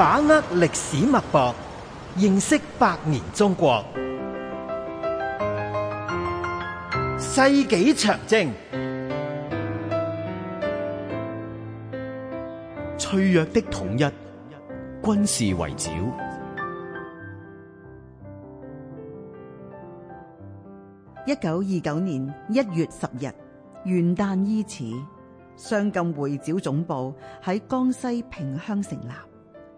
把握歷史脈搏，認識百年中國。世紀長征，脆弱的統一，軍事圍剿。一九二九年一月十日，元旦伊始，湘贛會剿總部喺江西萍鄉成立。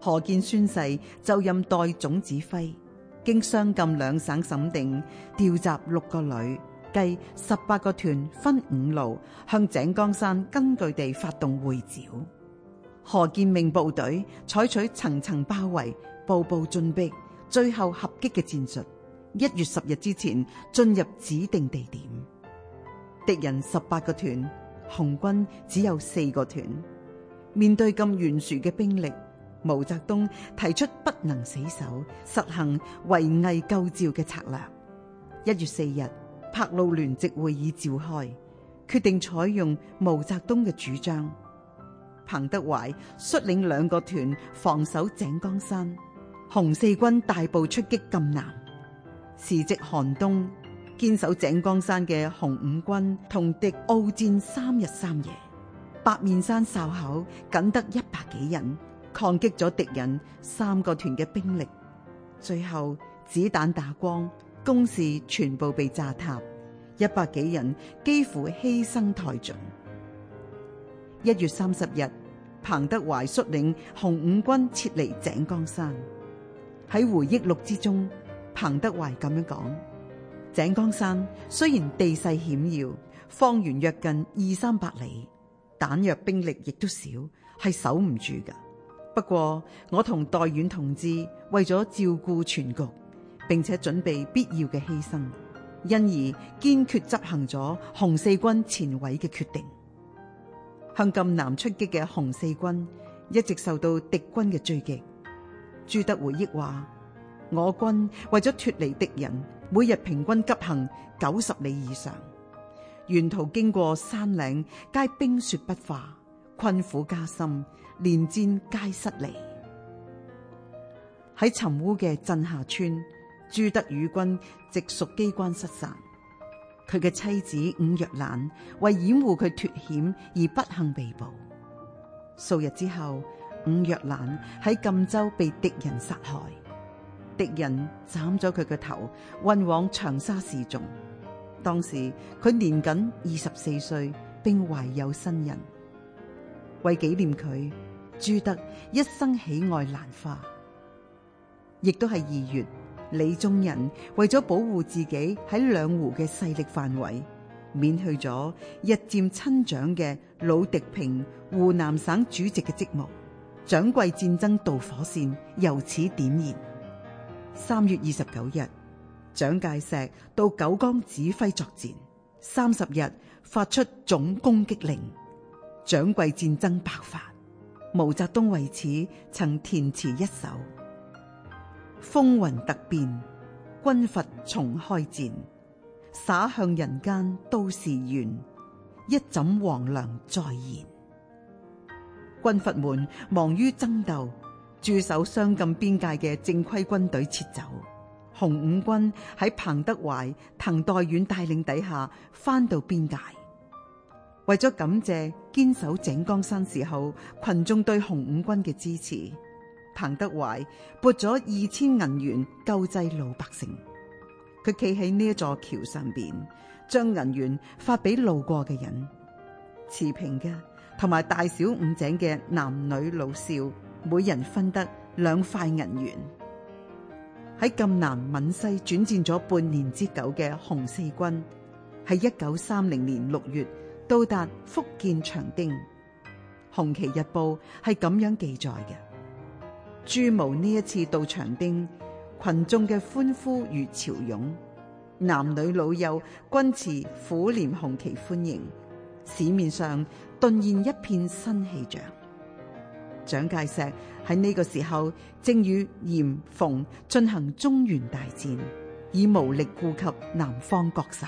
何建宣誓就任代總指揮，經湘贛兩省審定，調集六個旅，計十八個團，分五路向井岡山根據地發動會剿。何建命部隊採取層層包圍、步步進逼，最後合擊嘅戰術。一月十日之前進入指定地點，敵人十八個團，紅軍只有四個團，面對咁懸殊嘅兵力。毛澤東提出不能死守，實行圍魏救趙嘅策略。一月四日，柏路聯席會議召開，決定採用毛澤東嘅主張。彭德懷率領兩個團防守井岡山，紅四軍大步出擊贛南。時值寒冬，堅守井岡山嘅紅五軍同敵鏖戰三日三夜，八面山哨口僅得一百幾人。抗擊咗敵人三個團嘅兵力，最後子彈打光，工事全部被炸塌，一百幾人幾乎犧牲殆盡。一月三十日，彭德懷率領紅五軍撤離井岡山。喺回憶錄之中，彭德懷咁樣講：井岡山雖然地勢險要，方圓約近二三百里，彈藥兵力亦都少，係守唔住噶。不過，我同代遠同志為咗照顧全局，並且準備必要嘅犧牲，因而堅決執行咗紅四軍前委嘅決定，向贛南出擊嘅紅四軍一直受到敵軍嘅追擊。朱德回憶話：「我軍為咗脫離敵人，每日平均急行九十里以上，沿途經過山嶺，皆冰雪不化。困苦加深，連戰皆失利。喺尋烏嘅鎮下村，朱德與軍直屬機關失散。佢嘅妻子伍若蘭為掩護佢脫險而不幸被捕。數日之後，伍若蘭喺贛州被敵人殺害，敵人斬咗佢嘅頭，運往長沙示眾。當時佢年僅二十四歲，並懷有新人。為紀念佢，朱德一生喜愛蘭花，亦都係二月，李宗仁為咗保護自己喺兩湖嘅勢力範圍，免去咗日漸親長嘅魯滌平湖南省主席嘅職務，蔣桂戰爭導火綫由此點燃。三月二十九日，蔣介石到九江指揮作戰，三十日發出總攻擊令。蔣桂戰爭爆發，毛澤東為此曾填詞一首：風雲突變，軍閥重開戰，灑向人間都是怨，一枕黃粱再現。軍閥們忙於爭鬥，駐守湘贛邊界嘅正規軍隊撤走，紅五軍喺彭德懷、滕代遠帶領底下翻到邊界。為咗感謝堅守井岡山時候群眾對紅五軍嘅支持，彭德懷撥咗二千銀元救濟老百姓。佢企喺呢一座橋上邊，將銀元發俾路過嘅人，持平嘅同埋大小五井嘅男女老少，每人分得兩塊銀元。喺贛南閩西轉戰咗半年之久嘅紅四軍，喺一九三零年六月，到達福建長汀，《紅旗日報》係咁樣記載嘅：朱毛呢一次到長汀，群眾嘅歡呼如潮湧，男女老幼均持斧鐮紅旗歡迎，市面上頓現一片新氣象。蔣介石喺呢個時候正與閻馮進行中原大戰，已無力顧及南方各省。